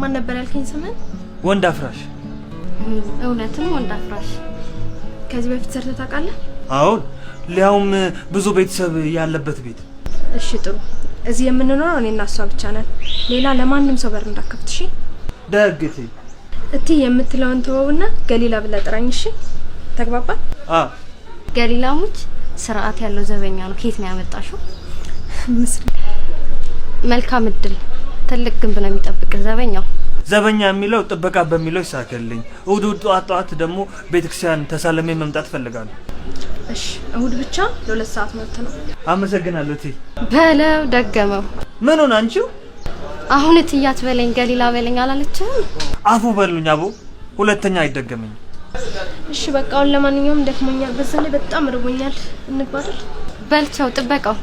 ማን ነበር ያልከኝ ስምን? ወንድ አፍራሽ። እውነትም ወንድ አፍራሽ። ከዚህ በፊት ሰርተህ ታውቃለህ? አሁን ሊያውም ብዙ ቤተሰብ ያለበት ቤት። እሺ ጥሩ። እዚህ የምንኖረው እና እሷ ብቻ ነን። ሌላ ለማንም ሰው በር እንዳከፍት። እሺ ደግቲ እቲ የምትለውን ተወውና ገሊላ ብላ ጥራኝ። እሺ ተግባባል? አ ገሊላ ሙች ስርዓት ያለው ዘበኛ ነው። ኬት ነው ያመጣሽው? መልካም እድል ትልቅ ግንብ ነው የሚጠብቅ ዘበኛው። ዘበኛ የሚለው ጥበቃ በሚለው ይሳከልኝ። እሁድ እሁድ ጠዋት ጠዋት ደግሞ ቤተክርስቲያን ተሳለሜ መምጣት ፈልጋለሁ። እሺ እሁድ ብቻ ለሁለት ሰዓት መብት ነው። አመሰግናለሁ። እቴ በለው ደገመው። ምን አንቺው? አሁን እትያት በለኝ ገሊላ በለኝ አላለችም። አፉ በሉኝ አቦ፣ ሁለተኛ አይደገመኝም። እሺ በቃ አሁን ለማንኛውም ደክሞኛል፣ በዛ ላይ በጣም ርቦኛል። እንባላል። በልቻው ጥበቃው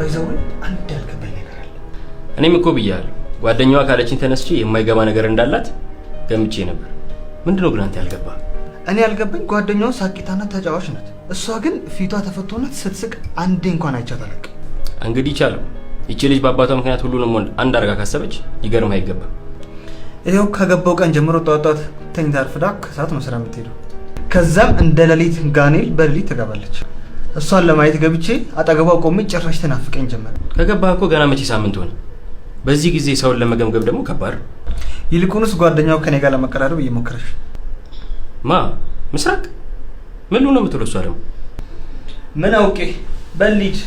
ባይዘው አንድ ያልገባኝ ነገር አለ። እኔም እኮ ብያለሁ ጓደኛዋ ካለችኝ ተነስቼ የማይገባ ነገር እንዳላት ገምቼ ነበር። ምንድነው ግን አንተ ያልገባ? እኔ ያልገባኝ ጓደኛዋ ሳቂታና ተጫዋች ናት። እሷ ግን ፊቷ ተፈቶናት ስትስቅ አንዴ እንኳን አይቻት አላውቅም። እንግዲህ ይቻለው ይቺ ልጅ በአባቷ ምክንያት ሁሉንም ወንድ አንድ አርጋ ካሰበች ይገርም አይገባም። ይኸው ከገባው ቀን ጀምሮ ጠዋት ጠዋት ተኝታ አርፍዳ ከሰዓት መስሪያ የምትሄደው ከዛም እንደ ሌሊት ጋኔል በሌሊት ትገባለች። እሷን ለማየት ገብቼ አጠገቧ ቆሜ ጭራሽ ተናፍቀኝ ጀመር። ከገባህ እኮ ገና መቼ ሳምንት ሆነ። በዚህ ጊዜ ሰውን ለመገምገም ደግሞ ከባድ። ይልቁንስ ጓደኛው ከኔ ጋር ለመቀራረብ እየሞከረች ማ ምስራቅ ምን ነው የምትለው? እሷ ደግሞ ምን አውቄ በሊድ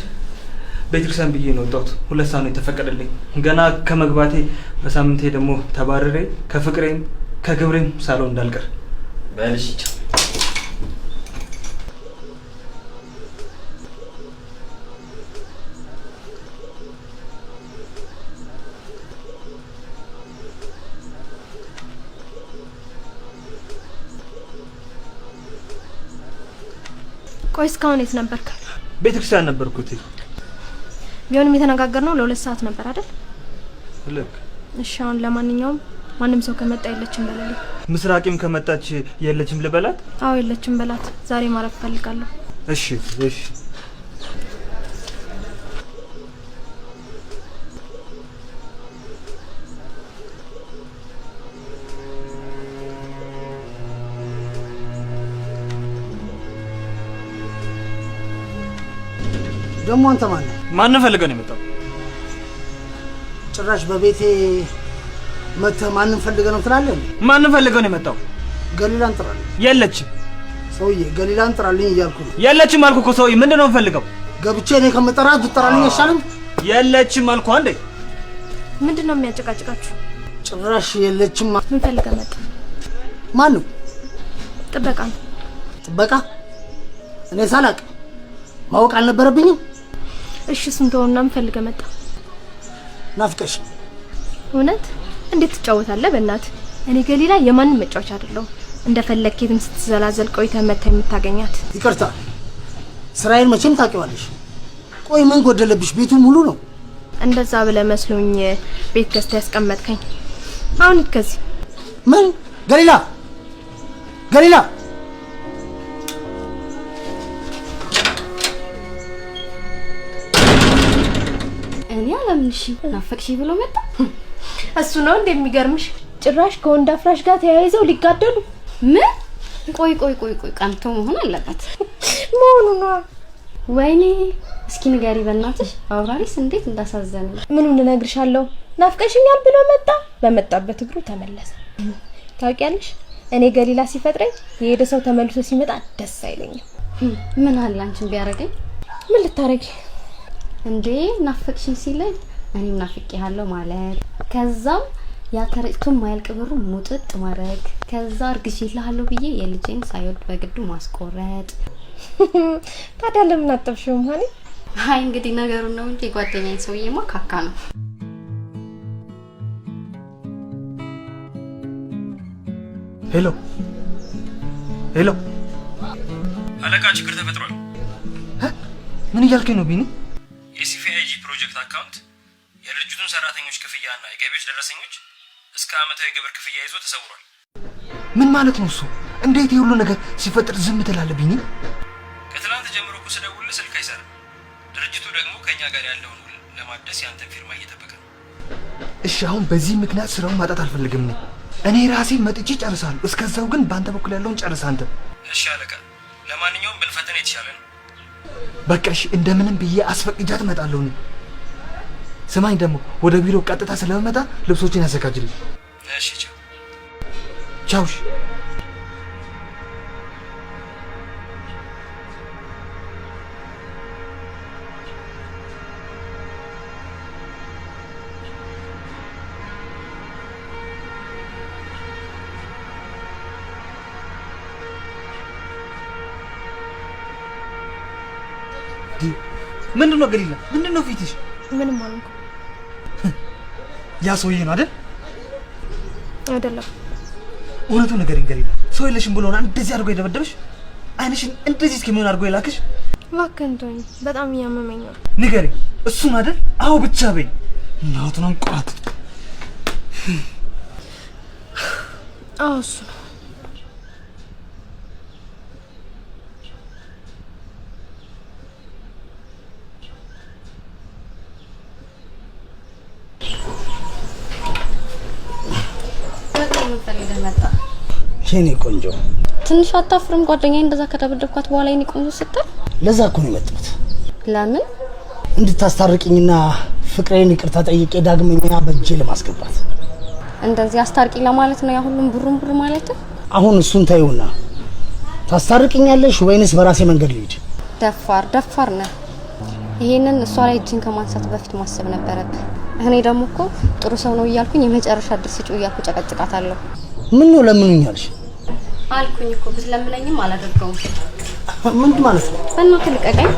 ቤተክርስቲያን ብዬ ነው ወጣሁት። ሁለት ሰዓት ነው የተፈቀደልኝ። ገና ከመግባቴ በሳምንቴ ደግሞ ተባረሬ ከፍቅሬም ከግብሬም ሳለው እንዳልቀር በልሽ ቆይ እስካሁን የት ነበርክ? ቤተ ክርስቲያን ነበርኩት። ቢሆንም የተነጋገርነው ለሁለት ሰዓት ነበር አይደል? ልክ። እሺ፣ አሁን ለማንኛውም ማንም ሰው ከመጣ የለችም በላለሁ። ምስራቂም ከመጣች የለችም ልበላት? አዎ የለችም በላት። ዛሬ ማረፍ እፈልጋለሁ። እሺ፣ እሺ። ደግሞ አንተ ማን ነህ? ማን ፈልገህ ነው የመጣው? ጭራሽ በቤቴ መተህ ማንን ፈልገህ ነው ትላለህ? ማን ፈልገህ ነው የመጣው? ገሊላን ጥራልኝ። የለችም ሰውዬ፣ ገሊላን ጥራልኝ እያልኩ ነው። የለችም አልኩ እኮ ሰውዬ። ምንድን ነው የምፈልገው? ገብቼ እኔ ከምጠራት ብትጠራልኝ አይሻልም? የለችም አልኩ። አንዴ ምንድን ነው የሚያጨቃጭቃችሁ? ጭራሽ የለችም። ምን ፈልገህ መጣ? ማን ነው? ጥበቃ ነው። ጥበቃ እኔ ሳላቅ ማወቅ አልነበረብኝም። እሺ ስንተውና ምፈልገ መጣ ናፍቀሽ እውነት እንዴት ትጫወታለህ? በእናት እኔ ገሊላ የማንም መጫወቻ አይደለው እንደፈለግ የትም ስትዘላዘል ቆይተህ መጥተህ የምታገኛት። ይቅርታ ስራዬን መቼም ታውቂዋለሽ። ቆይ ምን ጎደለብሽ? ቤቱ ሙሉ ነው። እንደዛ ብለህ መስሎኝ ቤት ገዝተህ ያስቀመጥከኝ። አሁን ከዚህ ምን ገሊላ ገሊላ እኔ አላምንሽ። ናፈቅሽ ብሎ መጣ። እሱ ነው እንደሚገርምሽ። ጭራሽ ከወንድ አፍራሽ ጋር ተያይዘው ሊጋደሉ ምን? ቆይ ቆይ ቆይ ቆይ፣ ቀንቶ መሆን አለበት መሆኑ ነው። ወይኔ እስኪ ንገሪ በእናትሽ፣ አውራሪስ እንዴት እንዳሳዘነ ምኑን እነግርሻለሁ። ናፍቀሽኛል ብሎ መጣ፣ በመጣበት እግሩ ተመለሰ። ታውቂያለሽ፣ እኔ ገሊላ ሲፈጥረኝ የሄደ ሰው ተመልሶ ሲመጣ ደስ አይለኝም። ምን አለ አንቺን ቢያደርገኝ? ምን ልታረጊ እንዴ ናፈቅሽኝ ሲለኝ እኔም ናፍቄሃለሁ ማለት ከዛም ያተረጭቱን ማያልቅ ብሩ ሙጥጥ ማድረግ ከዛ እርግዤልሃለሁ ብዬ የልጄን ሳይወድ በግዱ ማስቆረጥ። ታዲያ ለምን አጠብሽው? ሀኒ አይ እንግዲህ ነገሩን ነው እንጂ የጓደኛዬ ሰውዬማ ካካ ነው። ሄሎ ሄሎ፣ አለቃ ችግር ተፈጥሯል። ምን እያልከኝ ነው ቢኒ? የሲፒአይጂ ፕሮጀክት አካውንት የድርጅቱን ሰራተኞች ክፍያና የገቢዎች ደረሰኞች እስከ አመታዊ ግብር ክፍያ ይዞ ተሰውሯል። ምን ማለት ነው እሱ? እንዴት የሁሉ ነገር ሲፈጥር ዝም ትላለብኝ? ከትናንት ጀምሮ እኮ ውል ስልክ አይሰራም። ድርጅቱ ደግሞ ከእኛ ጋር ያለውን ውል ለማደስ የአንተን ፊርማ እየጠበቀ ነው። እሺ፣ አሁን በዚህ ምክንያት ስራውን ማጣት አልፈልግም። ነው እኔ ራሴ መጥቼ ጨርሳለሁ። እስከዛው ግን በአንተ በኩል ያለውን ጨርስ አንተ። እሺ አለቃ፣ ለማንኛውም ብንፈጠን የተሻለ ነው። በቃሽ፣ እንደምንም ብዬ አስፈቅጃት እመጣለሁ። እኔ ስማኝ፣ ደግሞ ወደ ቢሮ ቀጥታ ስለመጣ ልብሶችን ያዘጋጅልኝ። እሺ፣ ቻው። ቻውሽ ምንድን ነው ገሊላ? ምንድን ነው ፊትሽ? ምንም አልኩ። ያ ሰውዬ ነው አይደል? አይደለም። እውነቱን ንገሪኝ ገሊላ። ሰው የለሽም ብሎ ሆነ እንደዚህ አድርጎ የደበደበሽ? አይንሽን እንደዚህ እስከሚሆን አድርጎ የላክሽ? እባክህ እንቶኒ፣ በጣም እያመመኝ ነው። ንገሪኝ። እሱን አይደል? አዎ ብቻ በይ። እናቱን አንቋት። አዎ እሱ ነው። ምን የኔ ቆንጆ ትንሽ አታፍርም? ጓደኛዬ እንደዛ ከደበደብኳት በኋላ የኔ ቆንጆ ስትል፣ ለዛ እኮ ነው የመጣሁት። ለምን? እንድታስታርቅኝና ፍቅሬን ይቅርታ ጠይቄ ዳግመኛ በእጄ ለማስገባት። እንደዚህ አስታርቂ ለማለት ነው ያሁሉም ብሩን ብሩ ማለት። አሁን እሱን ታዩና ታስታርቅኛለሽ ወይንስ በራሴ መንገድ ልሂድ? ደፋር ደፋር ነህ። ይሄንን እሷ ላይ እጅን ከማንሳት በፊት ማሰብ ነበረብህ። እኔ ደግሞ እኮ ጥሩ ሰው ነው እያልኩኝ የመጨረሻ ድርስ ጩ እያልኩ ጨቀጭቃታለሁ። ምን ነው ለምኑኛልሽ አልኩኝ እኮ ብትለምነኝም አላደርገውም። ምን ማለት ነው? በእናትህ ልቀቀኝ።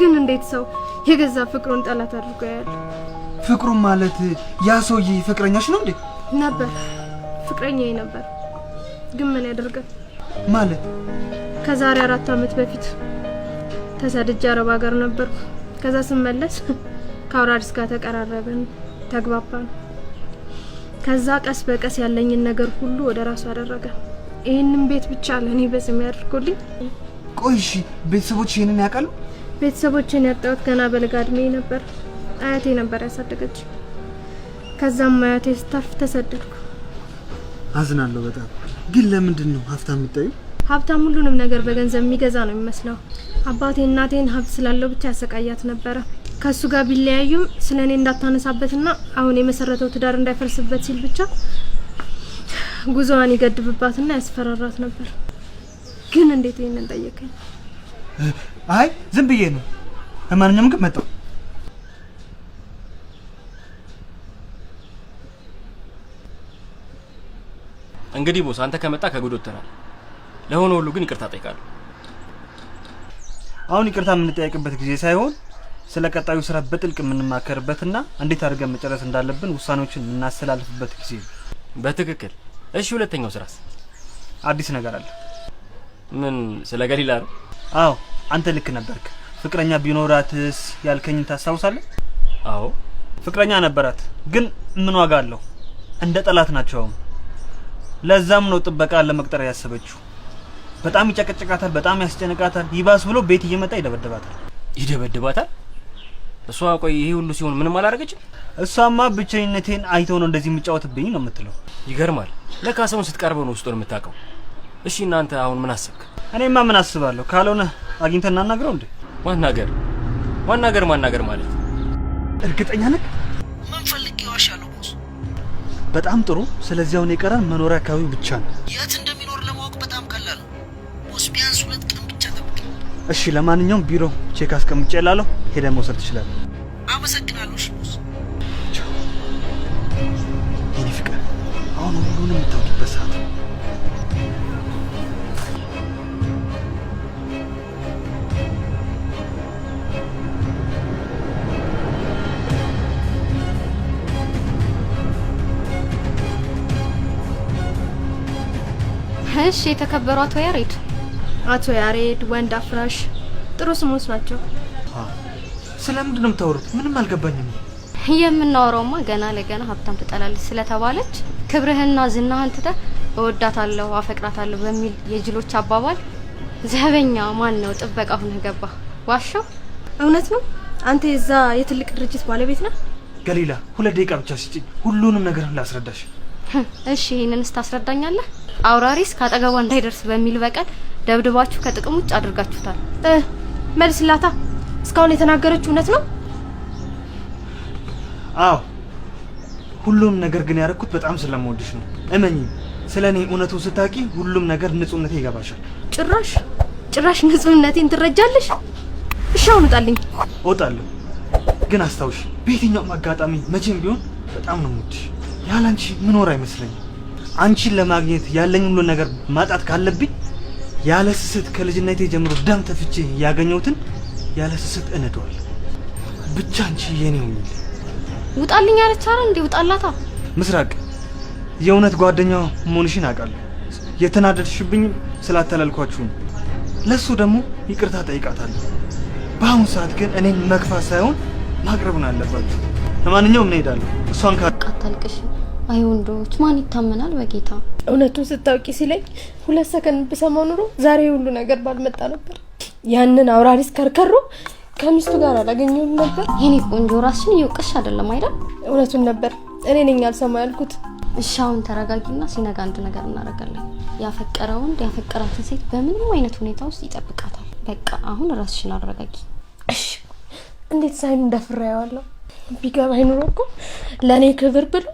ግን እንዴት ሰው የገዛ ፍቅሩን ጠላት አድርጎ ያለ ፍቅሩን ማለት ያ ሰውዬ ፍቅረኛሽ ነው እንዴ? ነበር ፍቅረኛዬ ነበር ግን ምን ያደርጋል ማለት ከዛሬ አራት አመት በፊት ተሰድጄ አረብ ሀገር ነበርኩ። ከዛ ስመለስ ከአውራሪስ ጋር ተቀራረብን፣ ተግባባን። ከዛ ቀስ በቀስ ያለኝን ነገር ሁሉ ወደ ራሱ አደረገ። ይህንን ቤት ብቻ ለእኔ በስሜ ያድርጎልኝ። ቆይ እሺ፣ ቤተሰቦች ይህንን ያውቃሉ? ቤተሰቦችን ያጣሁት ገና በለጋ እድሜ ነበር። አያቴ ነበር ያሳደገች። ከዛም አያቴ ስታርፍ ተሰደድኩ። አዝናለሁ በጣም ግን ለምንድን ነው ሀብታም የምታዩ? ሀብታም ሁሉንም ነገር በገንዘብ የሚገዛ ነው የሚመስለው። አባቴ እናቴን ሀብት ስላለው ብቻ ያሰቃያት ነበረ። ከእሱ ጋር ቢለያዩም ስለ እኔ እንዳታነሳበትና አሁን የመሰረተው ትዳር እንዳይፈርስበት ሲል ብቻ ጉዞዋን ይገድብባትና ያስፈራራት ነበር። ግን እንዴት ይህንን ጠየቀኝ? አይ ዝም ብዬ ነው። ለማንኛውም ግን መጣው እንግዲህ ቦስ አንተ ከመጣ ከጎዶተናል። ለሆነ ሁሉ ግን ይቅርታ ጠይቃለሁ። አሁን ይቅርታ የምንጠያይቅበት ጊዜ ሳይሆን ስለ ቀጣዩ ስራ በጥልቅ የምንማከርበትና እንዴት አድርገን መጨረስ እንዳለብን ውሳኔዎችን የምናስተላልፍበት ጊዜ ነው። በትክክል እሺ። ሁለተኛው ስራስ አዲስ ነገር አለ። ምን? ስለ ገሊላ ነው? አዎ፣ አንተ ልክ ነበርክ። ፍቅረኛ ቢኖራትስ ያልከኝን ታስታውሳለህ? አዎ፣ ፍቅረኛ ነበራት። ግን ምን ዋጋ አለው? እንደ ጠላት ናቸው። ለዛም ነው ጥበቃ ለመቅጠር ያሰበችው። በጣም ይጨቀጭቃታል፣ በጣም ያስጨንቃታል። ይባስ ብሎ ቤት እየመጣ ይደበድባታል። ይደበድባታል? እሷ ቆይ ይሄ ሁሉ ሲሆን ምንም አላደረገችም? እሷማ ብቸኝነቴን አይቶ ነው እንደዚህ የምጫወትብኝ ነው የምትለው። ይገርማል። ለካ ሰውን ስትቀርበው ነው ውስጡን የምታውቀው። እሺ እናንተ አሁን ምን አሰብክ? እኔማ ምን አስባለሁ? ካልሆነ አግኝተን እናናግረው። እንዴ ማናገር ማናገር ማናገር ማለት እርግጠኛ ነህ? በጣም ጥሩ። ስለዚህ አሁን የቀረን መኖሪያ አካባቢው ብቻ ነው። የት እንደሚኖር ለማወቅ በጣም ቀላል ነው ቦስ። ቢያንስ ሁለት ቀን ብቻ ጠብቅ እሺ። ለማንኛውም ቢሮ ቼክ አስቀምጬ ላለሁ ሄደን መውሰድ ትችላለህ። አመሰግናለሁ። እሺ የተከበሩ አቶ ያሬድ አቶ ያሬድ ወንድ አፍራሽ ጥሩ ስሞች ናቸው። ስለምንድን ነው የምታወሩት? ምንም አልገባኝም። የምናወራውማ ገና ለገና ሀብታም ትጠላለች ስለተባለች ክብርህና ዝናህን ትተህ እወዳታለሁ፣ አፈቅራታለሁ በሚል የጅሎች አባባል ዘበኛ ማን ነው ጥበቃ ሁነህ ገባህ። ዋሻው እውነት ነው። አንተ የዛ የትልቅ ድርጅት ባለቤት ነህ? ገሊላ፣ ሁለት ደቂቃ ብቻ ስጭኝ፣ ሁሉንም ነገር ላስረዳሽ። እሺ፣ ይህንን ስታስረዳኛለህ አውራሪስ ካጠገቧ እንዳይደርስ በሚል በቀል ደብድባችሁ ከጥቅም ውጭ አድርጋችሁታል። መልስ ላታ እስካሁን የተናገረችው እውነት ነው? አዎ ሁሉም ነገር ግን ያደረኩት በጣም ስለምወድሽ ነው። እመኝ፣ ስለ እኔ እውነቱን ስታቂ ሁሉም ነገር ንጹህነቴ ይገባሻል። ጭራሽ ጭራሽ ንጹህነቴን ትረጃለሽ? እሺ አሁን ውጣልኝ። እወጣለሁ፣ ግን አስታውሽ፣ በየትኛውም አጋጣሚ መቼም ቢሆን በጣም ነው የምወድሽ። ያላንቺ ምኖር አይመስለኝም። አንቺን ለማግኘት ያለኝ ሁሉ ነገር ማጣት ካለብኝ ያለ ስስት ከልጅነቴ ጀምሮ ደም ተፍቼ ያገኘሁትን ያለ ስስት እነደዋል። ብቻ አንቺ የኔ ሁኚ። ውጣልኝ አለች አረ እንዴ? ውጣላታ። ምስራቅ የእውነት ጓደኛው መሆንሽን አውቃለሁ። የተናደድሽብኝ ስላተላልኳችሁ ነው። ለሱ ደግሞ ይቅርታ ጠይቃታለሁ። በአሁኑ ሰዓት ግን እኔን መግፋት ሳይሆን ማቅረቡን አለባችሁ። ለማንኛውም እንሄዳለሁ። እሷን ካቃታልቅሽ አይ ወንዶች ማን ይታመናል በጌታ እውነቱን ስታውቂ ሲለኝ ሁለት ሰከንድ ብሰማ ኑሮ ዛሬ ሁሉ ነገር ባልመጣ ነበር ያንን አውራሪስ ከርከሮ ከሚስቱ ጋር አላገኘሁም ነበር የኔ ቆንጆ ራስሽን እየወቀሽ አይደለም አይደል እውነቱን ነበር እኔ ነኝ ያልሰማ ያልኩት እሻውን ተረጋጊና ሲነጋ አንድ ነገር እናደርጋለን ያፈቀረ ወንድ ያፈቀራትን ሴት በምንም አይነት ሁኔታ ውስጥ ይጠብቃታል በቃ አሁን ራስሽን አረጋጊ እሺ እንዴት ሳይን እንዳፍራ ያዋለሁ ቢገባ አይኑሮ እኮ ለእኔ ክብር ብሎ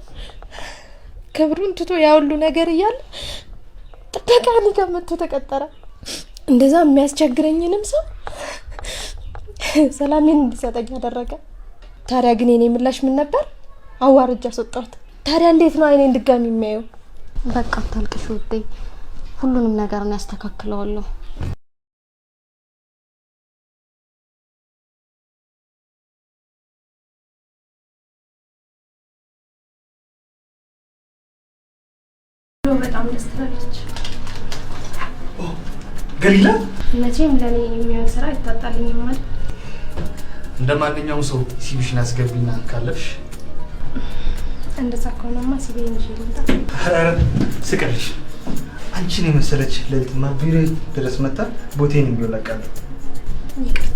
ክብሩን ትቶ ያውሉ ነገር እያለ ጥበቃ እኔ ጋር መጥቶ ተቀጠረ። እንደዛ የሚያስቸግረኝንም ሰው ሰላሜን እንዲሰጠኝ አደረገ። ታዲያ ግን የኔ ምላሽ ምን ነበር? አዋርጃ አስወጣሁት። ታዲያ እንዴት ነው አይኔን ድጋሚ የሚያየው? በቃ አታልቅሽ ውዴ፣ ሁሉንም ነገር እኔ ያስተካክለዋለሁ። በጣም ደስ ትላለች። ገሊላ መቼም ለእኔ የሚሆን ስራ አይታጣልኝም አይደል? እንደ ማንኛውም ሰው ሲቪሽን አስገቢና ካለፍሽ እንደዛ ከሆነማ ሲቪ እንጂ ልምጣ። ስቀልሽ አንቺን የመሰለች ለልትማ ቢሮ ድረስ መጣ ቦቴን የሚወለቃሉ ይቅር